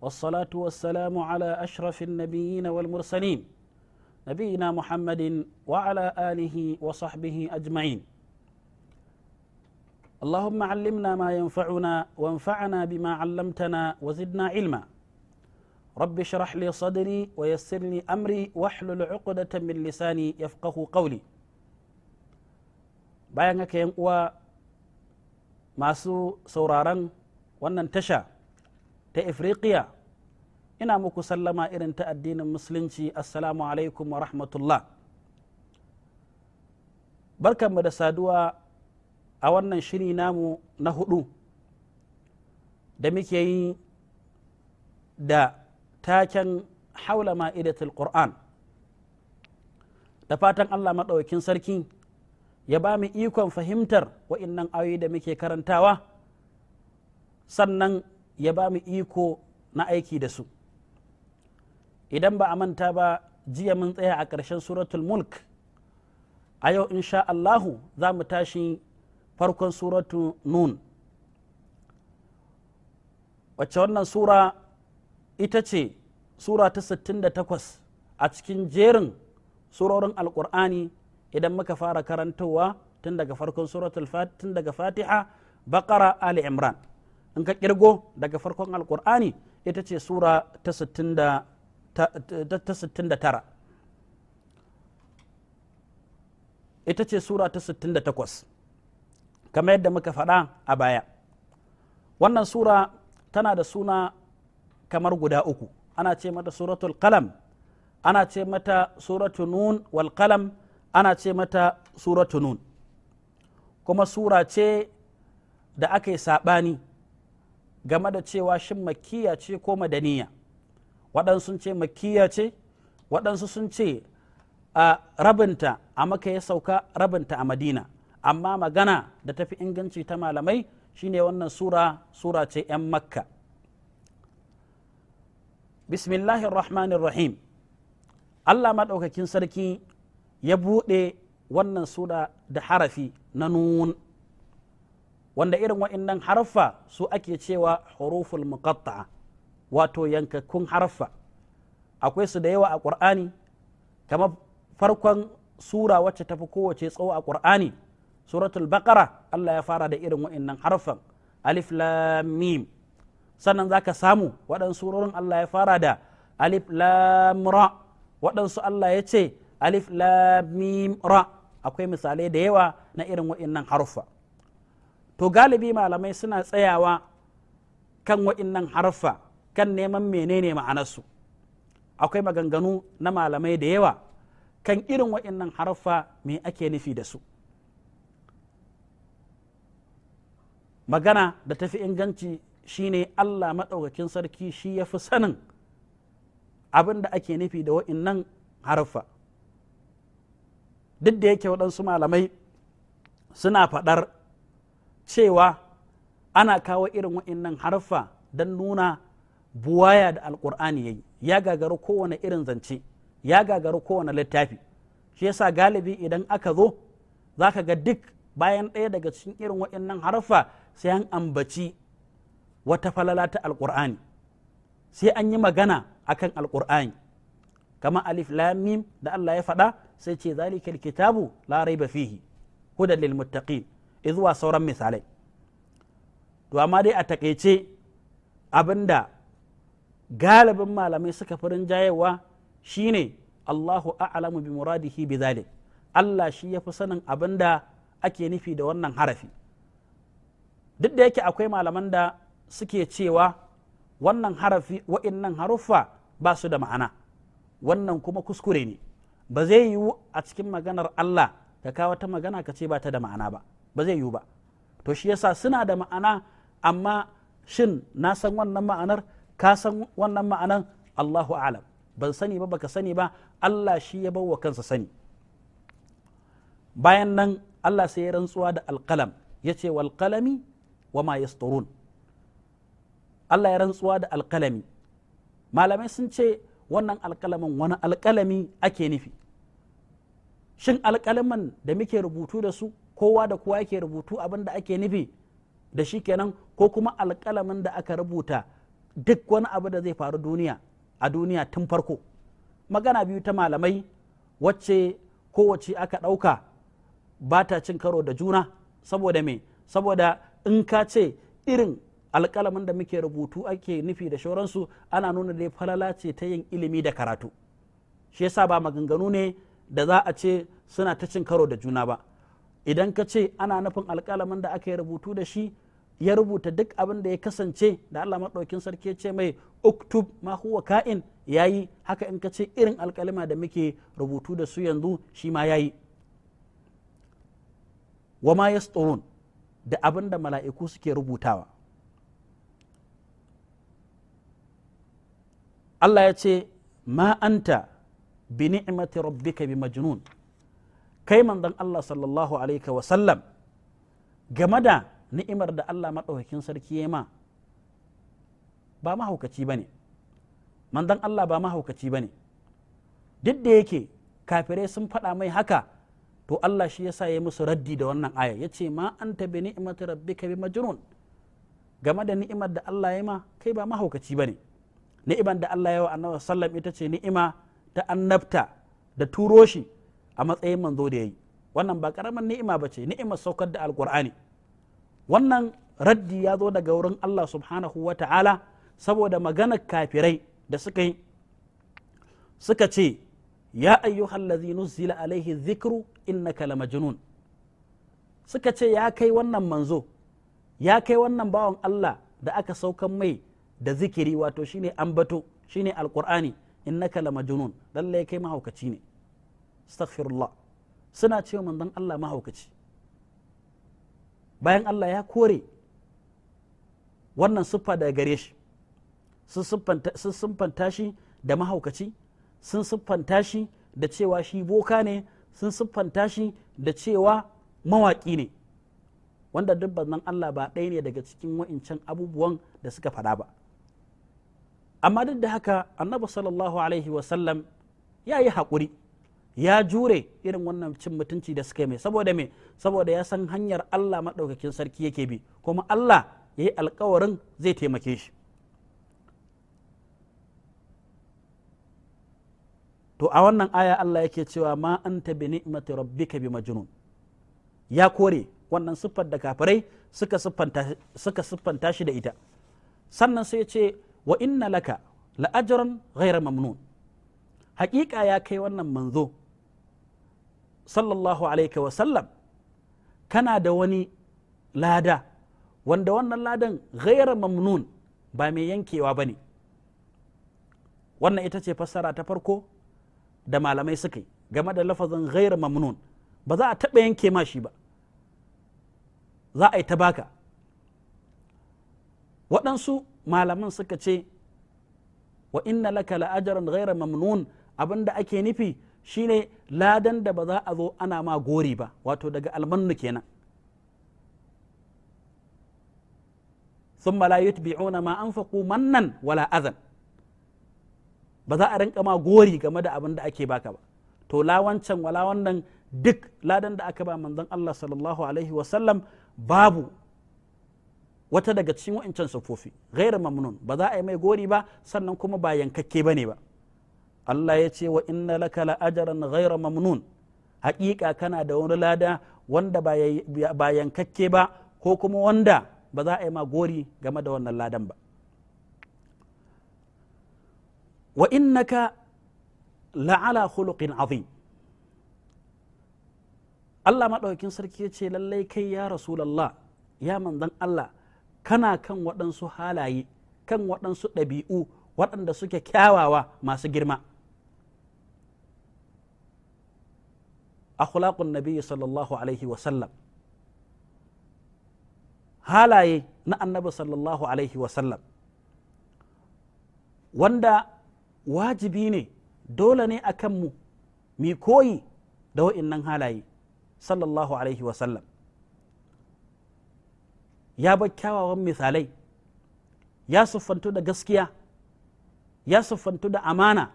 والصلاة والسلام على أشرف النبيين والمرسلين نبينا محمد وعلى آله وصحبه أجمعين اللهم علمنا ما ينفعنا وانفعنا بما علمتنا وزدنا علما رب اشرح لي صدري ويسر لي أمري واحلل عقدة من لساني يفقه قولي bayan haka ماسو سورارا masu ta Ifriqiya ina muku sallama irin ta addinin musulunci assalamu alaikum wa rahmatullah barkanmu da saduwa a wannan shiri namu na hudu da muke yi da taken haula ma'idatul qur'an da fatan allah maɗaukin sarki ya ba mu ikon fahimtar wa'innan ayoyi da muke karantawa sannan ya ba mu iko na aiki da su idan ba a manta ba jiya mun tsaya a ƙarshen suratul mulk a yau insha Allahu za mu tashi farkon suratu nun wacce wannan sura ita ce sura ta 68 a cikin jerin surorin alkur'ani idan muka fara karantowa tun daga farkon suratul fatiha bakara ali imran in ka kirgo daga farkon alkur'ani ita ce sura ta 69 ita ce sura ta 68 kamar yadda muka faɗa a baya wannan sura tana da suna kamar guda uku ana ce mata suratul qalam ana ce mata suratul nun wal qalam ana ce mata suratul nun kuma sura ce da aka yi saɓani game da cewa shin makiya ce ko madaniya waɗansu sun ce makiya ce waɗansu sun ce a rabinta a maka ya sauka rabinta a madina amma magana da tafi inganci ta malamai shine wannan sura sura ce 'yan makka bismillahir rahmanir rahim allah maɗaukakin sarki ya buɗe wannan sura da harafi na nun wanda irin wa'in harfa su ake cewa huruful muqatta'a wato yankakkun harfa, akwai su da yawa a ƙur'ani kamar farkon sura wacce tafi kowace tsawo a ƙur'ani suratul baqara Allah ya fara da irin nan harfan alif lam mim sannan zaka samu waɗansu surorin Allah ya fara da alif lam waɗansu Allah ya ce alif lam akwai misalai da yawa na irin wa'in wa'annan haruffa to galibi malamai suna tsayawa kan wa'innan harfa kan neman menene ma'anarsu akwai maganganu na malamai da yawa kan irin wa'innan harfa me ake nufi da su magana da tafi inganci shine Allah maɗaukakin sarki shi ya fi sanin abin da ake nufi da wa'innan harfa duk da yake waɗansu malamai suna faɗar cewa ana kawo irin wa'innan harfa don nuna buwaya da alkur'ani ya yi ya gagaru kowane irin zance ya gagaru kowane littafi shi yasa galibi idan aka zo za ka ga duk bayan ɗaya daga cikin irin wa'innan harfa sai an ambaci wata falala ta alkur'ani sai an yi magana akan alkur'ani kama alif lamim da Allah ya faɗa sai ce zalikal kitabu la raiba fihi hudan lil muttaqin zuwa sauran misalai to amma dai a takaice abinda galibin malamai suka fi rinjayewa shine Allahu a'lamu bi muradihi bi zalik Allah shi ya fi sanin abinda ake nufi da wannan harafi duk da yake akwai malaman da suke cewa wannan harafi wa'innan haruffa ba su da ma'ana wannan kuma kuskure ne ba zai yiwu a cikin maganar Allah ka kawo ta magana ka ce ba ta da ma'ana ba ba zai yiwu ba to shi yasa suna da ma'ana amma shin na san wannan ma'anar ka san wannan ma'anar Allahu alam ban sani ba baka sani ba Allah shi ya bawa kansa sani bayan nan Allah sai ya rantsuwa da alqalam yace wal qalami wa ma yasturun Allah ya rantsuwa da alqalami malamai sun ce wannan alkalamin wani alkalami ake nufi shin alkalaman da muke rubutu da su kowa da kowa yake rubutu abin da ake nufi da shi kenan ko kuma alƙalamin da aka rubuta duk wani abu da zai faru duniya a duniya tun farko magana biyu ta malamai wacce kowace aka ɗauka ba ta cin karo da juna saboda me saboda in ka ce irin alƙalamin da muke rubutu ake nufi da shauransu ana nuna dai falala ce ta yin ilimi da karatu shi yasa ba maganganu ne da za a ce suna ta cin karo da juna ba idan ka ce ana nufin alkalamin da aka yi rubutu da shi ya rubuta duk abin da ya kasance da Allah maɗaukin sarki ya ce mai uktub ma huwa ka'in yayi haka in ka ce irin alƙalima da muke rubutu da su yanzu shi ma yayi wa ma yasturun da abin da mala'iku suke rubutawa Allah ya ce ma anta bi ni'mati rabbika bi majnun kai manzon Allah sallallahu alaihi wa sallam game da ni'imar da Allah maɗaukakin sarki ya ma ba mahaukaci bane manzon Allah ba mahaukaci bane duk da yake kafirai sun faɗa mai haka to Allah shi yasa ya musu raddi da wannan aya yace ma anta bi ni'mati rabbika bi majnun game da ni'imar da Allah ya ma kai ba mahaukaci bane ni'imar da Allah ya wa annabi sallam ita ce ni'ima ta annabta da turo shi a matsayin manzo da ya yi wannan ba karaman ni'ima ba ce ni'imar saukar da alqur'ani wannan raddi ya zo daga wurin Allah subhanahu wa ta'ala saboda maganar kafirai da suka yi suka ce ya ayyuhallazi nuzila alaihi zikru innaka majnun suka ce ya kai wannan manzo ya kai wannan bawan Allah da aka saukan mai da zikiri wato shine ambato shine alqur'ani innaka majnun lalle kai mahaukaci ne astaghfirullah suna cewa manzon Allah mahaukaci bayan Allah ya kore wannan siffa daga gare shi sun siffanta shi da mahaukaci sun siffanta shi da cewa shi boka ne sun siffanta shi da cewa mawaki ne wanda duk nan Allah ba ɗaya ne daga cikin wa'incan abubuwan da suka faɗa ba amma duk da haka annabi sallallahu alaihi wasallam ya yi haƙuri ya jure irin wannan cin mutunci da suka yi mai saboda me saboda ya san hanyar Allah maɗaukakin sarki yake bi kuma Allah ya yi alkawarin zai taimake shi to a wannan aya Allah yake cewa ma anta bi ni'mati rabbika bi majnun ya kore wannan siffar da kafirai suka siffanta suka shi da ita sannan sai ya ce wa inna laka la ajran ghayra mamnun haƙiƙa ya kai wannan manzo sallallahu alaihi wasallam kana da wani lada wanda wannan ladan ghaira mamnun ba mai yankewa ba ne wannan ita ce fassara ta farko da malamai suka yi game da lafazin ghaira mamnun ba za a taɓa yanke ma shi ba za a yi ta baka waɗansu malaman suka ce wa inna laka la'ajaran ghaira mamnun abinda ake nufi shine ladan da ba za a zo ana ma gori ba wato daga almannu kenan ثم لا يتبعون ما أنفقوا mannan wala azan. ba za a rinka ma gori game da abin da ake baka ba to la wancan wala wannan duk ladan da aka ba manzon Allah sallallahu alaihi wasallam babu wata daga cikin wa'incan sufofi gairar mamnun ba za a yi mai gori ba sannan kuma ba yankakke ba ne ba Allah ya ce wa inna laka la ajran mamnun haƙiƙa kana da wani lada wanda ba yankakke ba ko kuma wanda ba za a yi ma gori game da wannan ladan ba wa innaka la'ala khuluqin azim Allah maɗaukin sarki ya ce lallai kai ya rasulallah ya manzan Allah kana kan waɗansu halaye kan waɗansu ɗabi'u waɗanda suke kyawawa masu girma akhlaqun nabi sallallahu alaihi wasallam halaye na annabi sallallahu alaihi wasallam wanda wajibi ne dole ne akan mu mi koyi da wa'innan halaye sallallahu alaihi wasallam ya bar kyawawan misalai ya sufantu da gaskiya ya sufantu da amana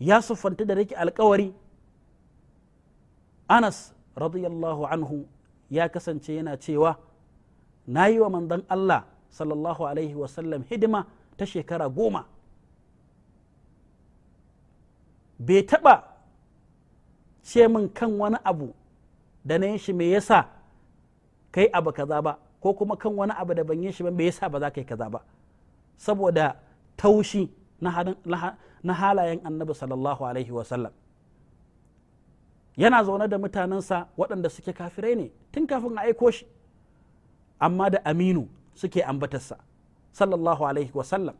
ya siffanta da rike alkawari anas radiyallahu anhu ya kasance yana cewa na yi wa manzon allah sallallahu alaihi wasallam hidima ta shekara goma bai taɓa ce min kan wani abu da na shi me yasa kai abu kaza ba ko kuma kan wani abu da ban yi shi ba me yasa ba za ka yi kaza ba saboda taushi na na halayen annabi sallallahu alaihi wasallam yana zaune da mutanensa waɗanda suke kafirai ne tun kafin a aiko shi amma da aminu suke ambatarsa sallallahu alaihi wasallam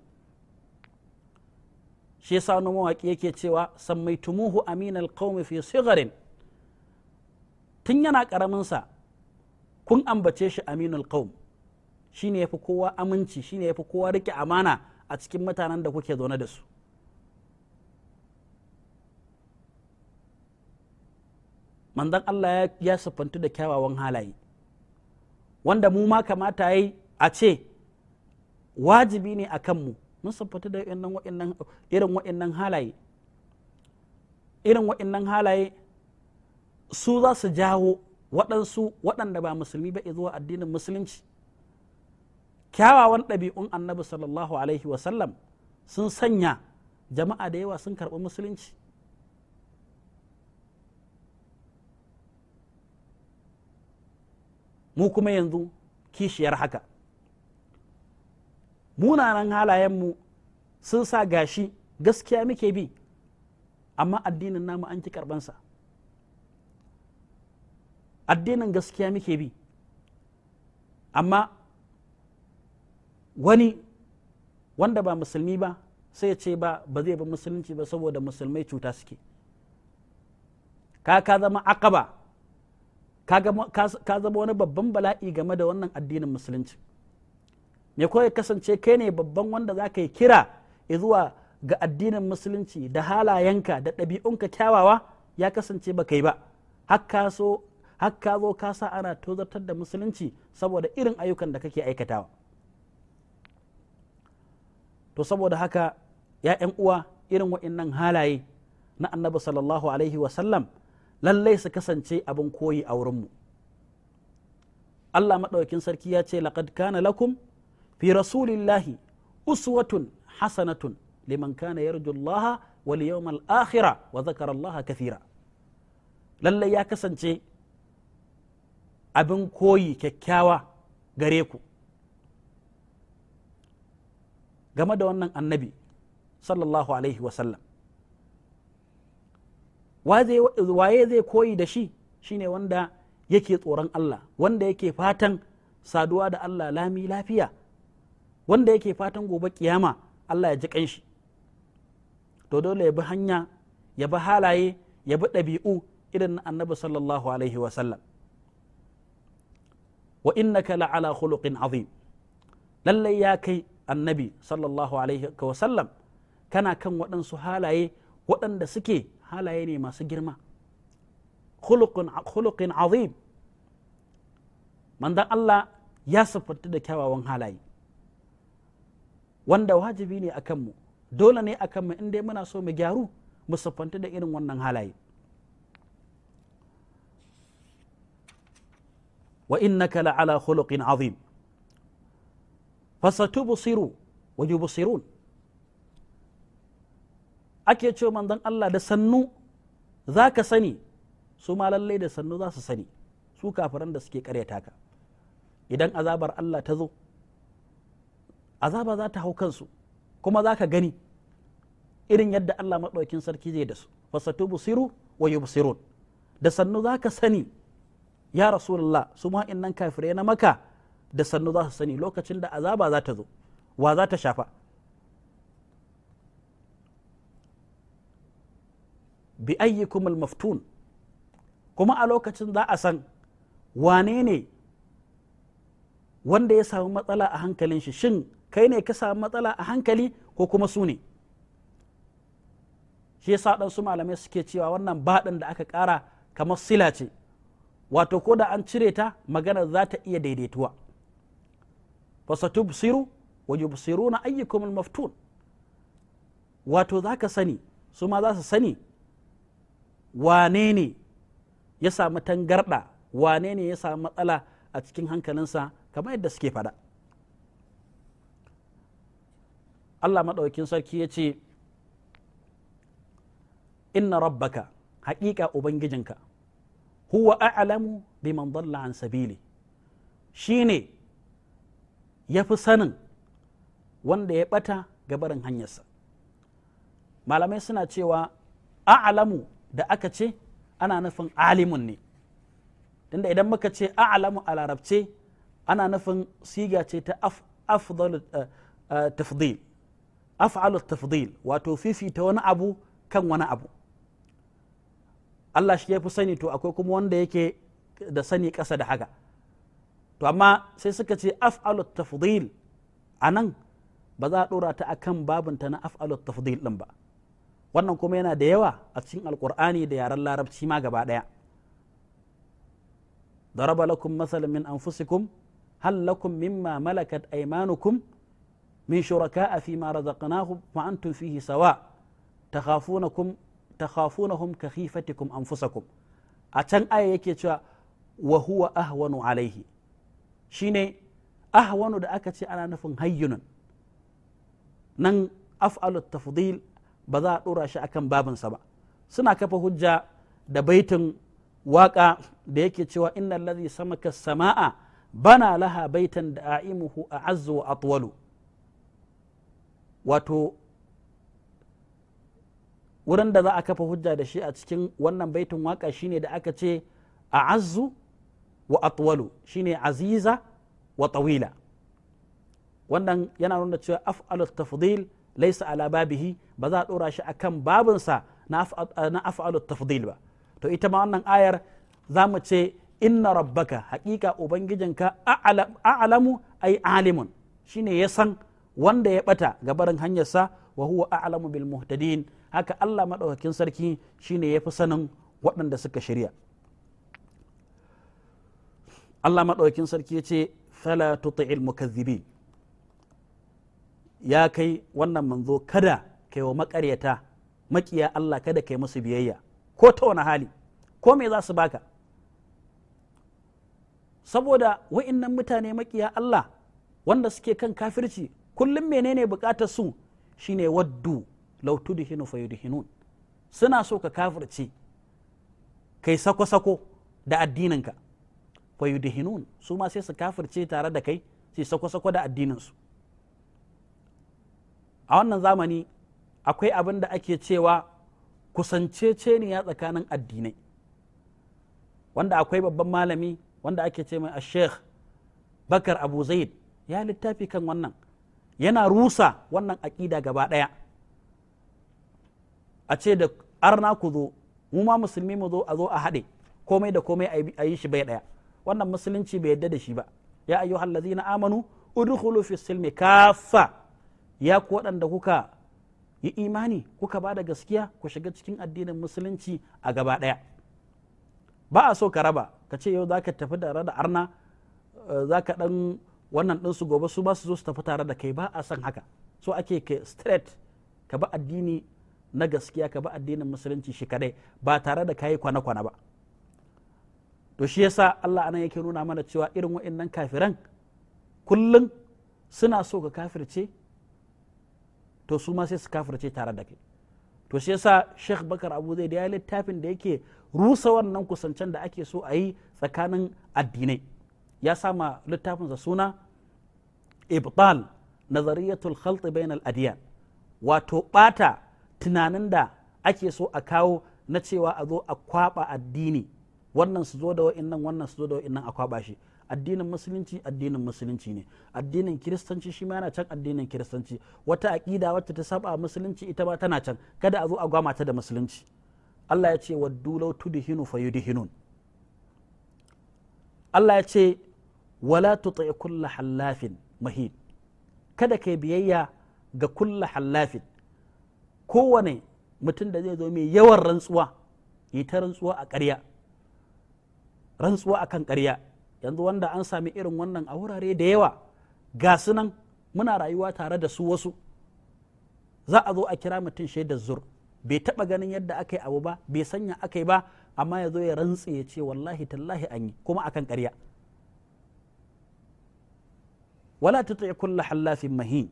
shi yasa wani mawaƙi yake cewa san mai sammaitumuhu aminal qaumi fi sigarin tun yana ƙaraminsa kun ambace shi aminul qaum shine yafi kowa aminci shine yafi kowa rike amana a cikin mutanen da kuke zaune da su manzon Allah ya siffantu da kyawawan halaye wanda mu ma kamata yi a ce wajibi ne a kanmu mun siffantu da irin wa'innan halaye irin wa'innan halaye su za su jawo waɗansu waɗanda ba musulmi ba zuwa addinin musulunci kyawawan ɗabi'un annabi sallallahu alaihi wasallam sun sanya jama'a da yawa sun karɓi musulunci mu kuma yanzu kishiyar haka munanan halayenmu sun sa gashi gaskiya muke bi amma addinin namu an ki karbansa addinin gaskiya muke bi amma wani wanda ba musulmi ba sai ce ba ba zai ba musulunci ba saboda musulmai cuta suke ka ka zama akaba ka zama wani babban bala'i game da wannan addinin musulunci me ko ya kasance kai ne babban wanda za ka yi kira zuwa ga addinin musulunci da halayenka da ɗabi'unka kyawawa ya kasance ba kai ba har ka zo ka sa ana tozartar da musulunci saboda irin ayyukan da kake aikatawa to saboda haka ya uwa irin wa'innan halaye na annabi sallallahu alaihi wasallam lallai su kasance abin koyi a wurinmu Allah maɗaukin sarki ya ce laqad kana lakum fi rasulillahi uswatun hasanatun liman kana yarju wal yawmal akhira wa zakara Allah kathira lallai ya kasance abin koyi kyakkyawa gare ku game da wannan annabi sallallahu alaihi wasallam waye zai koyi da shi shine wanda yake tsoron Allah wanda yake fatan saduwa da Allah lami lafiya wanda yake fatan gobe kiyama Allah ya ji kanshi to dole ya bi hanya ya bi halaye ya bi ɗabi'u irin na annabi sallallahu alaihi wasallam wa innaka la'ala khuluqin azim lallai ya kai annabi sallallahu alaihi wasallam kana kan waɗansu halaye waɗanda suke halaye ne masu girma khuluqin azim mandan Allah ya siffanta da kyawawan halaye wanda wajibi ne akan mu dole ne akan mu in muna so mu gyaru mu siffanta da irin wannan halaye wa innaka la'ala khuluqin azim fasatubsiru wa yubsirun ake cewa manzon Allah da sannu za ka sani su ma da sannu za su sani su kafiran da suke karyata ka idan azabar Allah ta zo azaba za ta hau kansu kuma za ka gani irin yadda Allah maɗaukin sarki zai da su fasatu busiru wa yubsirun da sannu za ka sani ya rasulullah su ma innan kafirai na maka da sannu za su sani lokacin da azaba za ta zo wa za ta shafa bi ayyikum maftun kuma a lokacin za a san wane ne wanda ya samu matsala a hankalin shi shin kai ne ka samu matsala a hankali ko kuma su ne shi yasa dan su malamai suke cewa wannan baɗin da aka ƙara kamar sila ce wato ko da an cire ta maganar za ta iya daidaituwa fasatubsiru wa yubsiruna ayyukum maftun wato zaka sani su ma za su sani wane ne ya samu tangarɗa wane ne ya samu matsala a cikin hankalinsa kamar yadda suke faɗa Allah maɗaukin sarki ya ce inna rabbaka haƙiƙa ubangijinka huwa a'lamu biman dalla an sabili ne ya fi sanin wanda ya ɓata gabarin hanyarsa malamai suna cewa a'lamu da aka ce ana nufin alimun ne tunda idan muka ce a'lamu a larabce ana nufin siga ce ta afdalu eh, eh, tafdil af'alu tafdil wato fifita wani abu kan wani abu Allah shi ya fi sani to akwai kuma wanda yake da sani ƙasa da haka to amma sai suka ce af'alu tafdil a nan ba za a ɗora ta akan babinta na af'alu tafdil ɗin ba wannan kuma yana da yawa a cikin alkur'ani da yaren larabci ma gaba ɗaya ضرب لكم مثلا من أنفسكم هل لكم مما ملكت أيمانكم من شركاء فيما رزقناهم وأنتم فيه سواء تخافونكم تخافونهم كخيفتكم أنفسكم أتن آية يكي وهو أهون عليه شيني أهون دا أكتي أنا نفن هين نن أفعل التفضيل ba za a ɗora shi akan babinsa ba suna kafa hujja da baitin waƙa da yake cewa inna ladhi samaka sama'a bana laha baitan da a'imuhu a azzu wa atwalu wato wurin da za a kafa hujja da shi a cikin wannan baitin waƙa shine da aka ce a azzu wa atwalu shine aziza wa tawila wannan yana nuna cewa af'alu tafdil laisa ala babihi ba za a dora shi akan babinsa na af'alu tafdil ba to ita ma wannan ayar za mu ce inna rabbaka haƙiƙa ubangijinka a'lamu ai alimun shine ya san wanda ya bata ga barin hanyarsa wa huwa a'lamu bil muhtadin haka Allah madaukakin sarki shine ya fi sanin waɗanda suka shirya Allah madaukakin sarki ya ce fala tuti'il mukazzibin ya kai wannan manzo kada kai wa makaryata makiya Allah kada kai musu biyayya ko ta wani hali ko me za su baka saboda wa'innan mutane makiya Allah wanda suke kan kafirci kullum menene bukatar su shine waddu law tudhinu fayudhinun suna so ka kafirce kai sako-sako da addininka fayudhinun su ma sai su kafirce tare da kai sai sako-sako da addininsu a wannan zamani akwai abin da ake cewa kusanceceniya tsakanin addinai wanda akwai babban malami wanda ake ce mai sheikh bakar abu zaid ya littafi kan wannan yana rusa wannan aƙida gaba ɗaya a ce da arna ku zo mu ma musulmi mu zo a zo a haɗe komai da komai a yi shi bai ɗaya wannan musulunci bai yadda da shi ba ya ayyuhallazina amanu udkhulu fi silmi kafa ya ku waɗanda kuka yi imani kuka ba da gaskiya ku shiga cikin addinin musulunci a gaba ɗaya ba a so ka raba ka ce yau za ka tafi da da arna eh, za ka ɗan wannan ɗinsu gobe su ba su zo su tafi tare da kai ba a son haka so ake ka straight ka ba addini na gaskiya ka ba addinin musulunci shi kadai ba tare da kayi kwana-kwana ba to shi yasa Allah anan yake nuna mana cewa irin wa'annan kafiran kullum suna so ka kafirce to su ma sai su kafirce tare da kai to shi yasa Sheikh Bakar Abu Zaid ya littafin da yake rusa wannan kusancen da ake so a yi tsakanin addinai ya sa sama littafinsa suna ibtal nazariyatul khalt bainal adiyan wato bata tunanin da ake so a kawo na cewa a zo a kwaba addini wannan su zo da nan wannan su zo da nan a kwaba shi addinin musulunci addinin musulunci ne addinin kiristanci shi ma yana can addinin kiristanci wata aƙida wacce ta saba musulunci ita ma tana can kada a zo a gwama ta da musulunci Allah ya ce waddu law tudhinu fayudhinun Allah ya ce wala tuti kulla halafin mahin kada kai biyayya ga kulla halafin kowane mutum da zai zo mai yawan rantsuwa yi ta rantsuwa a ƙarya rantsuwa akan ƙarya yanzu wanda an sami irin wannan a wurare da yawa ga sunan muna rayuwa tare da su wasu za a zo a kira mutum shaidar zur bai taba ganin yadda aka yi abu ba bai sanya aka yi ba amma ya zo ya rantse ya ce wallahi tallahi an yi kuma akan karya wala ta tuti kulla hallafin mahi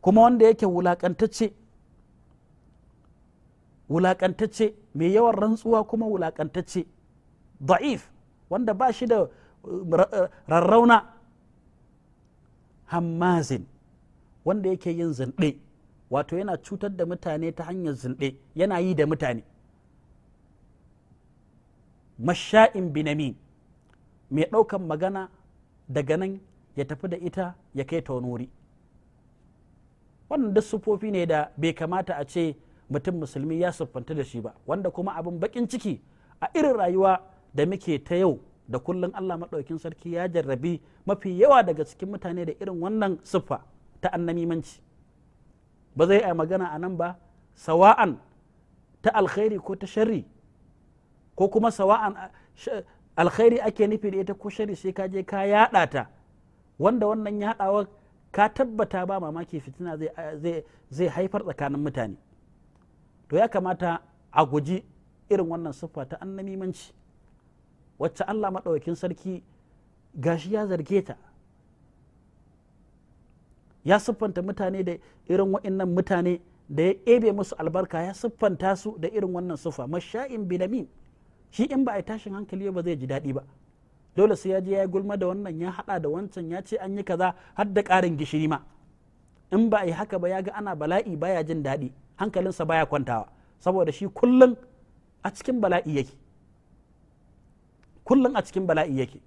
kuma wanda yake wulakantacce wulakantacce mai yawan rantsuwa kuma wulakantacce da'if wanda ba shi da uh, uh, rarrauna hammazin wanda yake yin zinɗe wato yana cutar da mutane ta hanyar zinɗe yana yi da mutane masha'in binami mai ɗaukan magana daga nan ya tafi da ita ya kai ta wani wuri wannan duk sufofi ne da bai kamata a ce mutum musulmi ya siffanta da shi ba wanda kuma abin bakin ciki a irin rayuwa da muke ta yau da kullum Allah maɗaukin sarki ya jarrabi mafi yawa daga cikin mutane da irin wannan siffa ta annamimanci ba zai yi magana a nan ba sawa'an ta alkhairi ko ta sharri ko kuma sawa'an alkhairi ake nufi da ita ko shari sai ka je ka yaɗa ta wanda wannan yaɗawa ka tabbata ba mamaki fitina zai haifar tsakanin mutane to ya kamata a guji irin wannan siffa ta annamimanci wacce Allah maɗaukin sarki gashi ya zarge ta ya siffanta mutane da irin waannan mutane da ya ebe musu albarka ya siffanta su da irin wannan sufa. masha'in bilamin shi in ba a tashin hankali ba zai ji daɗi ba dole sai ya je ya yi gulma da wannan ya haɗa da wancan ya ce an yi kaza har da ƙarin gishiri ma in ba a yi haka ba ya ga ana bala'i baya jin daɗi hankalinsa baya kwantawa saboda shi kullum a cikin bala'i yake kullum a cikin bala'i yake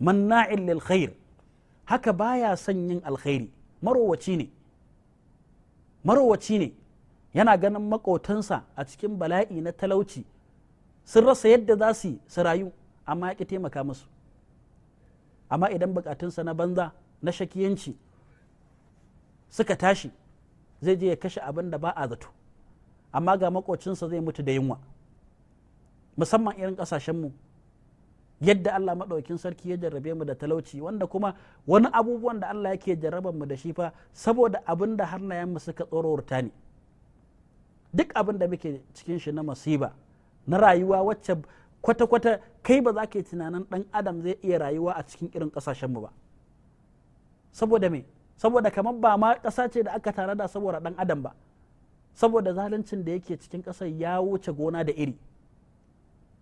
manna'in lil khair haka baya son yin alkhairi marowaci ne marowaci ne yana ganin makotansa a cikin bala'i na talauci sun rasa yadda za su su rayu amma ya taimaka musu amma idan bukatunsa na banza na shakiyanci suka tashi zai je ya kashe abin da ba a zato amma ga makocinsa zai mutu da yunwa musamman irin mu yadda Allah maɗaukin sarki ya jarrabe mu da talauci wanda kuma wani abubuwan da Allah yake jarraban mu da shi fa saboda abin da harnayen mu suka tsororta ne duk abin da muke cikin shi na masiba na rayuwa wacce kwata-kwata kai ba za ka yi tunanin ɗan adam zai iya rayuwa a cikin irin ƙasashenmu ba saboda me saboda kamar ba ma kasa ce da aka tare da saboda ɗan adam ba saboda zaluncin da yake cikin ƙasar ya wuce gona da iri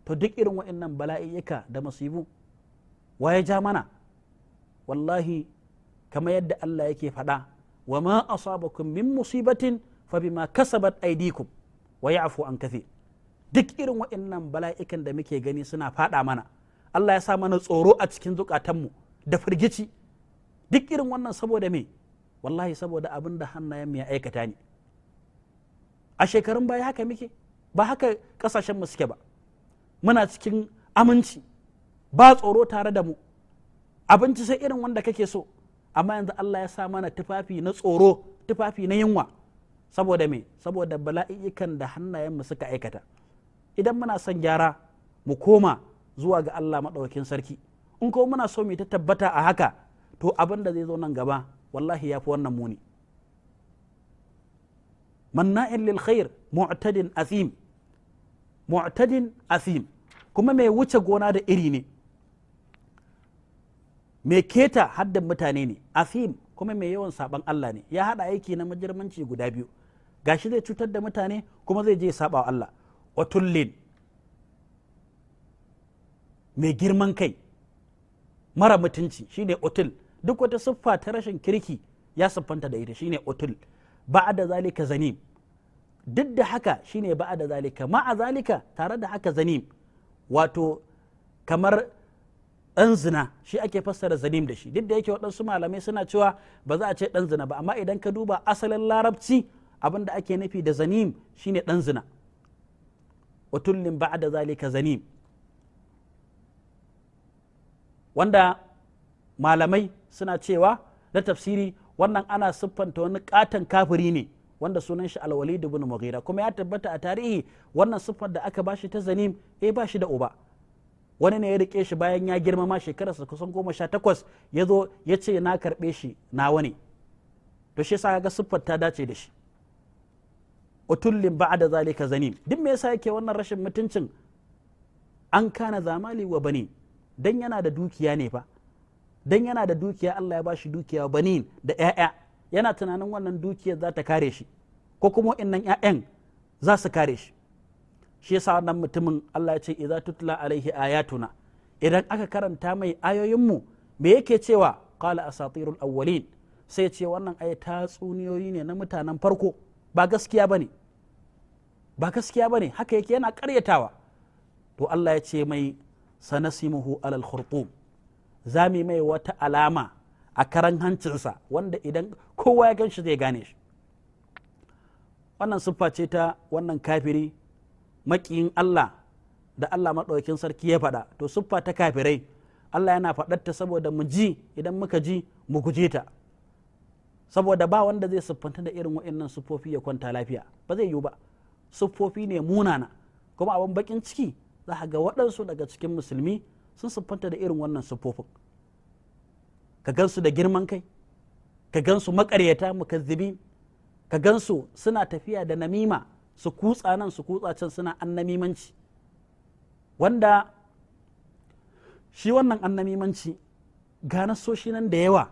to duk irin wa'annan bala'iika da masibu wa ya ja mana wallahi kamar yadda Allah yake faɗa wa ma asabakum min musibatin fa bima kasabat aydikum wa ya'fu an kathir duk irin wa'annan bala'ikan da muke gani suna faɗa mana Allah ya sa mana tsoro a cikin zukatanmu da firgici duk irin wannan saboda me wallahi saboda abin da hannayen mu ya aikata ne a shekarun baya haka muke ba haka kasashen mu suke ba muna cikin aminci ba tsoro tare da mu abinci sai irin wanda kake so amma yanzu Allah ya sa mana tufafi na tsoro tufafi na yunwa saboda me saboda bala'i'ikan da hannayen mu suka aikata idan muna son gyara mu koma zuwa ga Allah maɗaukin sarki in ko muna so mu ta tabbata a haka to abin da zai zo nan gaba wallahi yafi wannan muni manna'in lil khair mu'tadin asim mu'tadin asim kuma mai wuce gona da iri ne mai keta haddan mutane ne asim kuma mai yawan saban Allah ne ya hada aiki na majirmanci guda biyu gashi zai cutar da mutane kuma zai je saba wa Allah watullin mai girman kai mara mutunci shine otul duk wata siffa ta rashin kirki ya siffanta da ita shine otul ba'a da zalika zanim duk da haka shine ba'a da zalika a zalika tare da haka zanim wato kamar ɗan zina shi ake fassara zanim da shi duk da yake waɗansu malamai suna cewa ba za a ce ɗan zina ba amma idan ka duba asalin larabci abin da ake nufi da zanim shine ɗan zina utullin zali zalika zanim wanda malamai suna cewa na tafsiri wannan ana siffanta wani katon kafiri ne wanda sunan shi alwalid ibn mughira kuma ya tabbata a tarihi wannan siffar da aka bashi ta zanim eh bashi da uba wani ne ya rike shi bayan ya girmama shekararsa kusan goma sha takwas ya zo ya ce na karɓe shi na wani to shi yasa ga siffar ta dace da shi utullin ba'da zalika zanim duk me yasa yake wannan rashin mutuncin an kana zamali wa bani dan yana da dukiya ne fa dan yana da dukiya Allah ya bashi dukiya banin da ƴaƴa yana tunanin wannan dukiyar za ta kare shi ko kuma innan 'ya'yan za su kare shi shi yasa wannan mutumin Allah ya ce idza tutla alaihi ayatuna idan aka karanta mai ayoyin mu me yake cewa qala asatirul awwalin sai ce wannan ai tatsuniyoyi ne na mutanen farko ba gaskiya bane ba gaskiya bane haka yake yana karyatawa to Allah ya ce mai sanasimuhu alal khurqum zami mai wata alama a karan hancinsa wanda idan kowa ya ganshi zai gane shi wannan siffa ce ta wannan kafiri makiyin Allah da Allah maɗaukin sarki ya faɗa to siffa ta kafirai Allah yana ta saboda mu ji idan muka ji mu guje ta saboda ba wanda zai siffanta da irin wa'annan siffofi ya kwanta lafiya ba zai yiwu ba siffofi ne munana kuma abin bakin ciki za ga waɗansu daga cikin musulmi sun siffanta da irin wannan siffofin ka gansu da girman kai ka gansu makaryata mukazzibi ka gansu suna tafiya da namima su kutsa nan su kutsa can suna annamimanci wanda shi wannan annamimanci ga nasoshi nan da yawa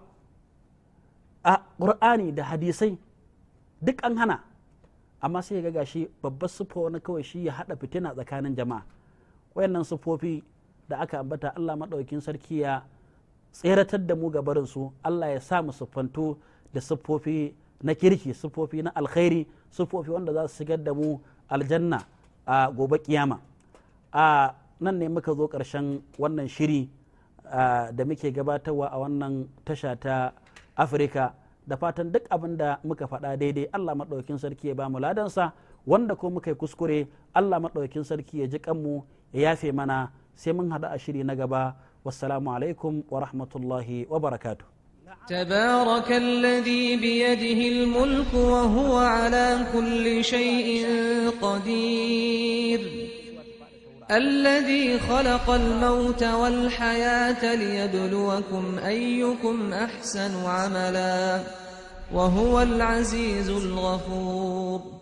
a ƙur'ani da hadisai duk an hana amma sai ya ga shi babbar siffa wani kawai shi ya haɗa fitina tsakanin jama'a wayannan siffofi da aka ambata allah maɗaukin sarki ya tseratar da mu gabarin su Allah ya sa mu sufantu da siffofi na kirki siffofi na alkhairi siffofi wanda za su shigar da mu aljanna a gobe kiyama a nan ne muka zo ƙarshen wannan shiri da muke gabatarwa a wannan tasha ta afirka da fatan duk abin da muka faɗa daidai allah maɗaukin sarki ya ba mu ladansa wanda ko muka yi kuskure allah maɗaukin sarki ya ji kanmu ya yafe mana sai mun haɗu a shiri na gaba والسلام عليكم ورحمة الله وبركاته تبارك الذي بيده الملك وهو على كل شيء قدير الذي خلق الموت والحياة ليبلوكم أيكم أحسن عملا وهو العزيز الغفور